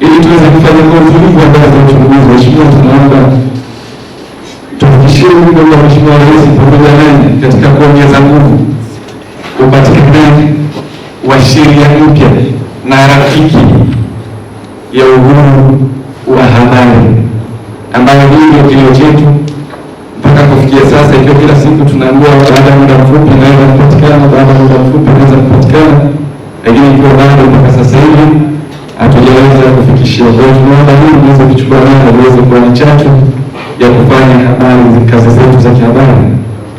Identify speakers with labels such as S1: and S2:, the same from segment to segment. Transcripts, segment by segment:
S1: ili tuweze kufanya kwa utulivu wa baadhi ya uchunguzi. Mheshimiwa, tunaomba tufikishie ujumbe wa Mheshimiwa Rais pamoja nanyi katika kuongeza nguvu upatikanaji wa sheria mpya na rafiki ya uhuru wa habari ambayo hii ndio kilio chetu mpaka kufikia sasa, ikiwa kila siku tunaambiwa baada ya muda mfupi inaweza kupatikana, baada ya muda mfupi inaweza kupatikana, lakini ikiwa bado mpaka sasa hivi tunaweza kufikishia. Kwa hiyo tunaona hili niweze kuchukua nao niweze kuwa ni chachu ya kufanya habari kazi zetu za kihabari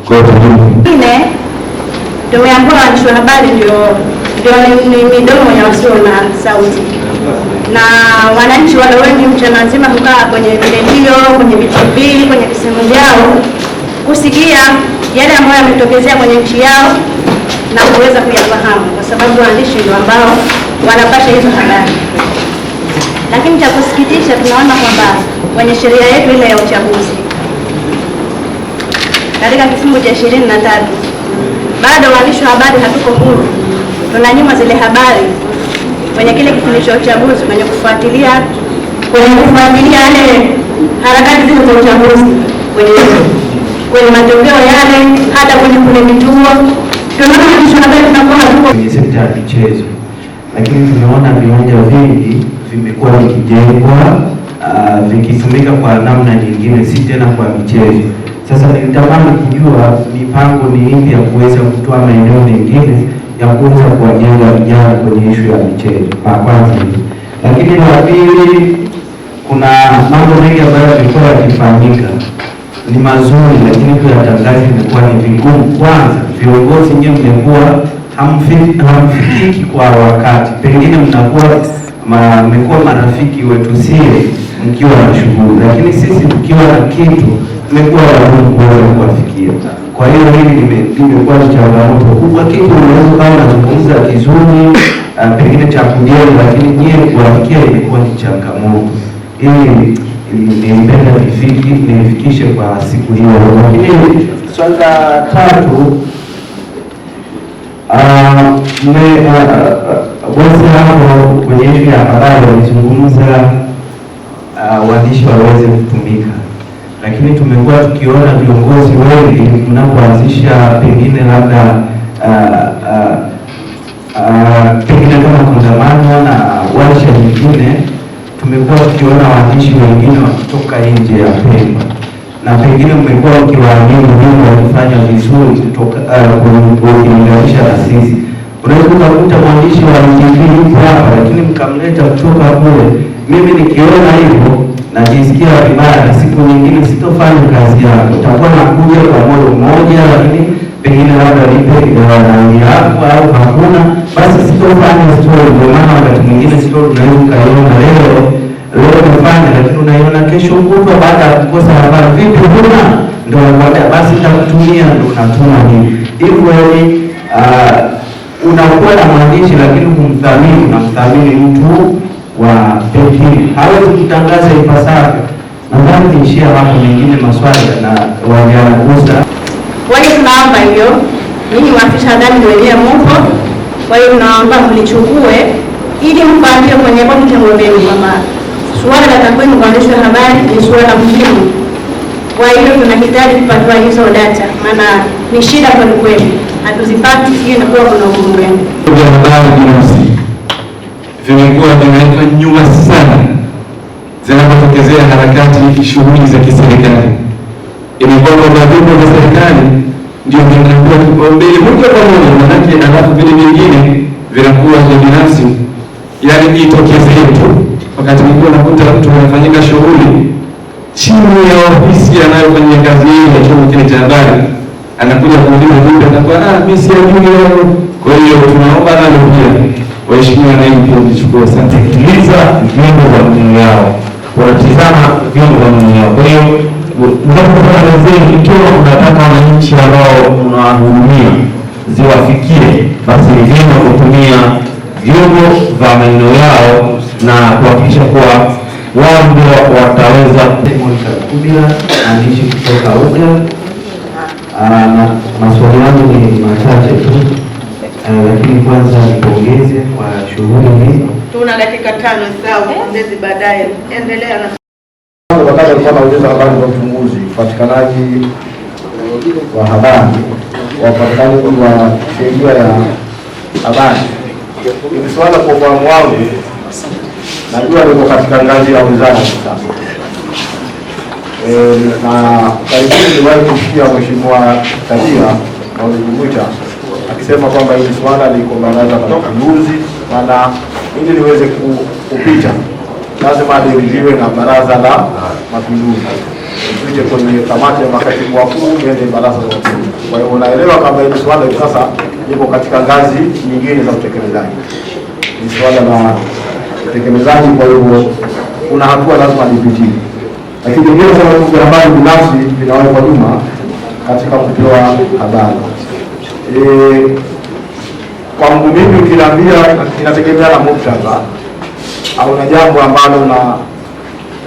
S1: kwa utajumu.
S2: Tumeambiwa waandishi wa habari ndio ni midomo ya wasio na sauti, na wananchi wale wengi mchana nzima kukaa kwenye redio, kwenye VTV, kwenye visehemu vyao kusikia yale ambayo yametokezea kwenye nchi yao na kuweza kuyafahamu, kwa sababu waandishi ndio ambao wanapasha hizo habari. Lakini cha kusikitisha tunaona kwamba kwenye sheria yetu ile ya uchaguzi katika kifungu cha ishirini na tatu bado waandishi wa habari hatuko huru, nyuma zile habari kwenye kile kipindi cha uchaguzi, kwenye kufuatilia kwenye kufuatilia yale harakati zile za uchaguzi, kwenye kwenye matokeo yale, hata kwenye kule vituo tunaona waandishi wa habari tunakuwa hatuko
S1: kwenye sekta ya michezo, lakini tunaona viwanja vingi vimekuwa vikijengwa ah, vikitumika kwa namna nyingine, si tena kwa michezo. Sasa nilitamani kujua mipango ni ipi ya kuweza kutoa maeneo mengine ya kuweza kuwajenga vijana kwenye ishu ya michezo kwa kwanza, lakini la pili, kuna mambo mengi ambayo yamekuwa yakifanyika ni mazuri, lakini pia tangazi imekuwa ni vigumu. Kwanza viongozi nyewe mmekuwa hamfikiki kwa wakati, pengine mnakuwa mmekuwa marafiki wetu siri mkiwa na shughuli, lakini sisi tukiwa na kitu mmekuwa wagumu kuweza kuwafikia. Kwa hiyo hili limekuwa changamoto kubwa. Kitu unaweza ukawa unazungumza kizuri, ah, pengine cha kujenga, lakini nyie kuwafikia imekuwa ni changamoto. Hili nimpenda nifiki nifikishe kwa siku hiyo. Lakini swali la tatu uh, bosi hapo kwenye ishu ya habari walizungumza uh, waandishi waweze kutumika, lakini tumekuwa tukiona viongozi wengi mnapoanzisha pengine labda uh, uh, uh, pengine kama kongamano na warsha nyingine, tumekuwa tukiona waandishi wengine wakitoka nje ya Pemba na pengine mmekuwa ukiwaamini wao wakifanya vizuri kutoka uh, na sisi Unaweza ukamkuta mwandishi wa NTV hapa, lakini mkamleta kutoka kule. Mimi nikiona hivyo najisikia vibaya, na siku nyingine sitofanya kazi yako, nitakuwa nakuja kwa moyo mmoja, lakini pengine labda nipe idawanauli yako au hakuna, basi sitofanya stori. Ndio maana wakati mwingine stori unaweza ukaiona leo leo umefanya, lakini unaiona kesho kutwa baada ya kukosa habari, vipi huna ndio basi nitakutumia, ndio unatuma hivi hivyo. Ah, unakuwa na mwandishi lakini kumdhamini na mdhamini mtu wa pekee hawezi kutangaza ipasavyo. Nadhani niishia hapo, mengine maswali na wajagusa
S2: wale, tunaomba hivyo ninyi waafisha dhambi wenyewe mupo, kwa hiyo tunaomba mlichukue ili mpambie kwenye vitengo vyenu, kwamba suala la takwimu kwa waandishi wa habari ni suala muhimu. Kwa hiyo tunahitaji kupatiwa hizo data, maana ni shida kwelikweli hatuzipati sijui inakuwa kuna ugumu.
S1: Vya habari binafsi vimekuwa vinawekwa nyuma sana zinapotokezea harakati shughuli za kiserikali, imekuwa kwamba vyombo vya serikali ndio vinakuwa kipaumbele moja kwa moja manake, alafu vile vingine vinakuwa vya binafsi, yani jitokezee tu. Wakati mwingine unakuta mtu anafanyika shughuli chini ya ofisi anayofanyia kazi yeye ya chombo kile cha habari anakuja kuuliza mimi atakuwa ah, mimi ajui leo. Kwa hiyo tunaomba nalo pia waheshimiwa na hivi pia mchukue Asante kiliza vyombo vya mwili yao, wanatizama vyombo vya mwili yao. Kwa hiyo na wazee, ikiwa unataka wananchi ambao mnawahudumia ziwafikie, basi ni vyema kutumia vyombo vya maeneo yao na kuhakikisha kuwa wao ndio wataweza. Bila kutoka UGA Ah, maswali yangu ni machache tu, ah, lakini kwanza nipongeze kwa shughuli hii.
S2: Tuna dakika tano sawa, pongezi baadaye, endelea na
S1: wakati alikuwa anauliza habari za uchunguzi, upatikanaji wa habari wa upatikanaji wa sheria ya habari. Ili swala kwa ufahamu wangu, najua niko katika ngazi ya wizara sasa e, na karibuni niliwahi kumsikia Mheshimiwa Karia Mwazijimwita akisema kwamba hili swala liko Baraza la Mapinduzi, maana ili liweze kupita lazima liridhiwe na Baraza la Mapinduzi, ipite kwenye kamati ya makatibu wakuu iende Baraza la Mapinduzi. Kwa hiyo unaelewa kwamba hili swala hivi sasa liko katika ngazi nyingine za utekelezaji, ni swala la utekelezaji. Kwa hivyo kuna hatua lazima lipitie lakini vyanzo vya habari binafsi vinawekwa nyuma katika kutoa habari. E, kwangu mimi ukiniambia, inategemea na muktadha au na jambo ambalo na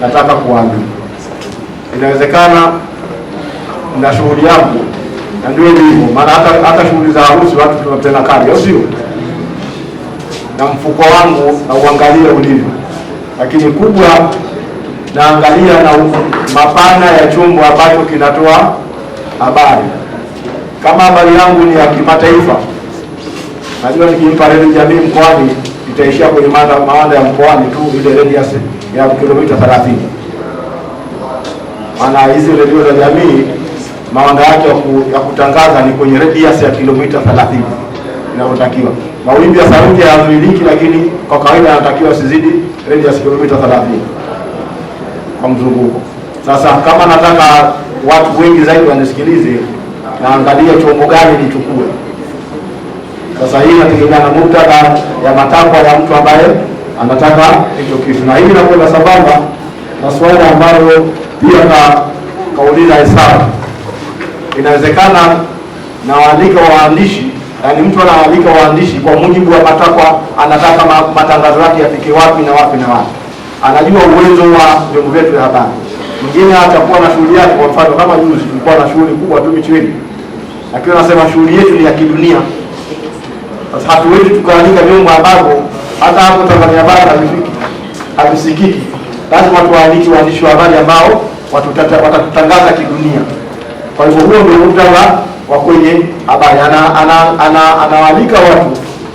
S1: nataka kuambia. Inawezekana na shughuli yangu na ndio hivyo, maana hata hata shughuli za harusi watu tunapenda kali au sio? Na mfuko wangu na uangalia ulivyo, lakini kubwa naangalia na mapana ya chombo ambacho kinatoa habari. Kama habari yangu ni ya kimataifa, najua nikimpa redi jamii mkoani itaishia kwenye mada ya mkoani tu, ile redi ya kilomita 30. Maana hizi redio za jamii mawanda yake ya kutangaza ni kwenye radius ya kilomita 30 inayotakiwa. Mawimbi ya sauti hayazuiliki, lakini kwa kawaida yanatakiwa sizidi radius kilomita 30 kwa mzunguko. Sasa kama nataka watu wengi zaidi wanisikilize, naangalia chombo gani nichukue. Sasa hii inategemea na muktadha ya matakwa ya mtu ambaye anataka hicho kitu, na hii inakwenda sambamba na swali ambalo pia na kauliza hesabu. Inawezekana nawaalika waandishi, yaani mtu anaandika waandishi kwa mujibu wa matakwa, anataka matangazo yake yafike wapi na wapi na wapi anajua uwezo wa vyombo vyetu vya habari. Mwingine atakuwa na shughuli yake, kwa mfano kama juzi tulikuwa na shughuli kubwa tu Micheweni, lakini anasema shughuli yetu ni ya kidunia. Sasa hatuwezi tukaandika vyombo ambavyo hata hapo Tanzania bara havisikiki. Lazima tuwaanike waandishi wa habari ambao watatutangaza kidunia. Kwa hivyo huo ndio muktadha wa kwenye habari, ana watu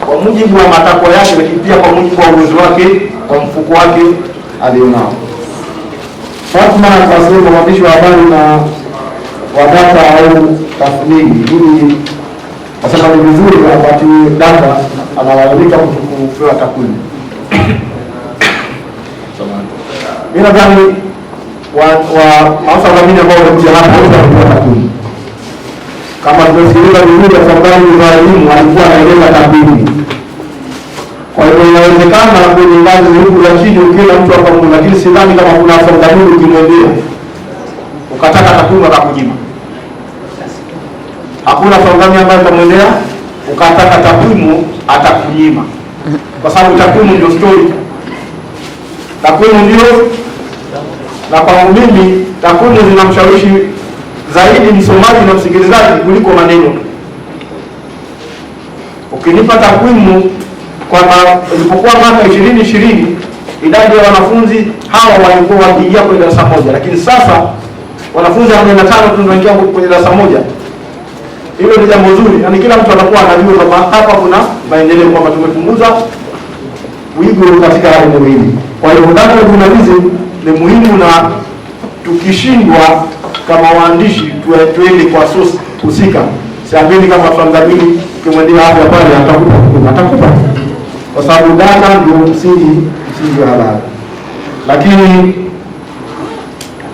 S1: kwa mujibu wa matakwa yake, lakini pia kwa mujibu wa uwezo wake, kwa mfuko wake alionao. Fatma akawasiliana mwandishi wa habari na wadata au tathmini, ili wasema ni vizuri wakati data analalamika kupewa takwimu. Mi nadhani maafisa wadhamini ambao wamekuja hapa kupewa takwimu, kama tumesikiliza vizuri, afadhali Ibrahimu alikuwa anaeleza takwimu kwa hivyo inawezekana kwenye ngazi huku za chini ukiona mtu akamu, lakini sidhani kama kuna afadhali ukimwendea ukataka takwimu atakujima Hakuna fangami ambayo utamwendea ukataka takwimu atakunyima, kwa sababu takwimu ndio story, takwimu ndio. Na kwangu mimi takwimu zinamshawishi zaidi msomaji na msikilizaji kuliko maneno. Ukinipa takwimu kwamba ilipokuwa mwaka 2020 idadi ya wanafunzi hawa walikuwa wakiingia kwenye darasa moja, lakini sasa wanafunzi 45 tunaingia kwenye darasa moja. Hilo ni jambo zuri, yaani kila mtu atakuwa anajua kwamba hapa kuna maendeleo, kwamba tumepunguza wigo katika elimu hii. Kwa hiyo data journalism ni muhimu, na tukishindwa kama waandishi tuende kwa source husika. Siamini kama tutamdhamini ukimwendea hapa pale atakupa atakupa kwa sababu data ndio msingi msingi wa habari. Lakini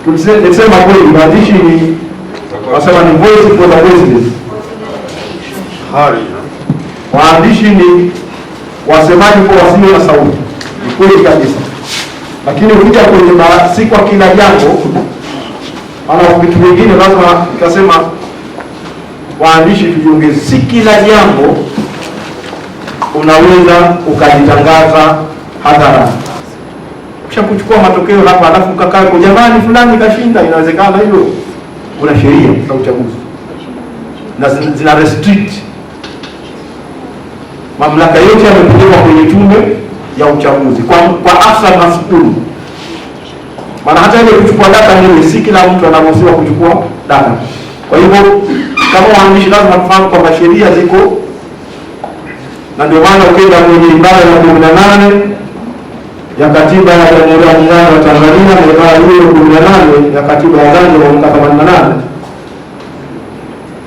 S1: tulisema kweli, maandishi ni wasema ni voice for the voiceless, eh? waandishi ni wasemaji kwa wasio na sauti, ni kweli kabisa. Lakini ukija kwenye si kwa kila jambo, ana vitu vingine lazima nikasema waandishi tujiongeze, si kila jambo unaweza ukajitangaza hadhara. Kisha kuchukua matokeo hapa, alafu ukakaa kwa jamani fulani kashinda, inawezekana hilo. Kuna sheria za uchaguzi na zina restrict mamlaka yote yamepelekwa kwenye tume ya uchaguzi kwa, kwa afsa masukulu. Maana hata ile kuchukua data ni si kila mtu anaruhusiwa kuchukua data. Kwa hivyo kama waandishi lazima tufahamu kwamba sheria ziko na ndio maana ukienda kwenye ibara ya kumi na nane ya katiba ya Jamhuri ya Muungano wa Tanzania na ibara hiyo kumi na nane ya katiba ya Zanzibar mwaka themanini na nane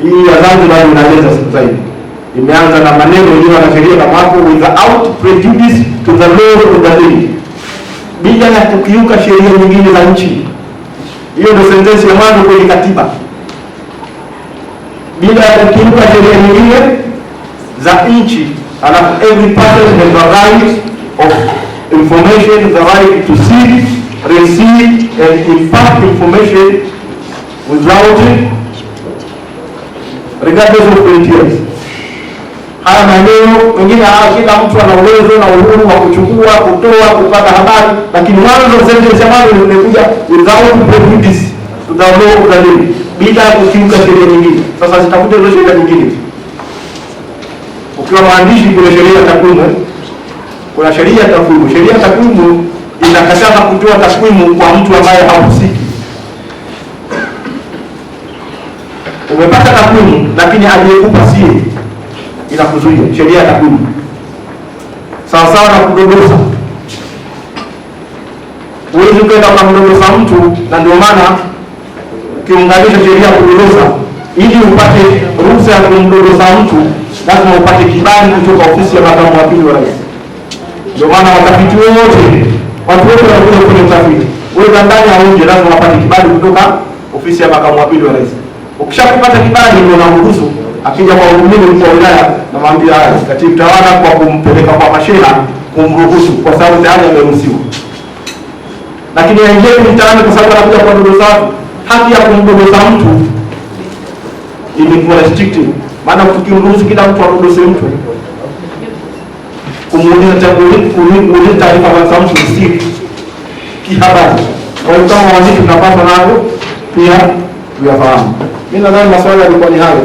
S1: hii ya Zanzibar inaeleza hivi imeanza na maneno yenyewe yanaashiria kama hapo, without prejudice to the law of the land, bila ya kukiuka sheria nyingine za nchi. Hiyo ndio sentensi ya mwanzo kwenye katiba, bila ya kukiuka sheria nyingine za nchi and alafu every person has the right of information, the right to see, receive and impart information without it, regardless of frontiers. Haya maneno mengine, ah, kila mtu ana uwezo na uhuru wa kuchukua, kutoa, kupata habari, lakini mwanzo sentence ya mwanzo imekuja without prejudice to the law of the land, bila kukiuka sheria nyingine. Sasa zitakuja hizo sheria nyingine ukiwa mwandishi, kwenye sheria ya takwimu, kuna sheria ya takwimu. Sheria ya takwimu inakataza kutoa takwimu kwa mtu ambaye hahusiki. Umepata takwimu, lakini aliyekupa sie, inakuzuia sheria ya takwimu, sawasawa na kudodosa. Huwezi ukaenda ukamdodosa mtu, na ndio maana ukiunganisha sheria ya kudodosa ili upate fursa ya kumdodoza mtu lazima upate kibali kutoka ofisi ya makamu wa pili wa rais. Ndio maana watafiti wote, watu wote wanakuja kwenye utafiti, wewe za ndani au nje, lazima wapate kibali kutoka ofisi ya makamu wa pili wa rais. Ukishapata kibali, ndio unaruhusu akija kwa mimi mkuu wa wilaya, namwambia katibu tawala kwa kumpeleka kwa mashina, kumruhusu kwa sababu tayari ameruhusiwa. Lakini aingie mtaani kwa sababu anakuja kwa zake, haki ya kumdodoza mtu imekuwa restricted, maana tukimruhusu kila mtu amruhusu mtu kumuuliza taarifa za mtu si kihabari. Kwa hiyo kama waandishi tunapaswa nao pia tuyafahamu. Mimi nadhani maswali yalikuwa ni hayo.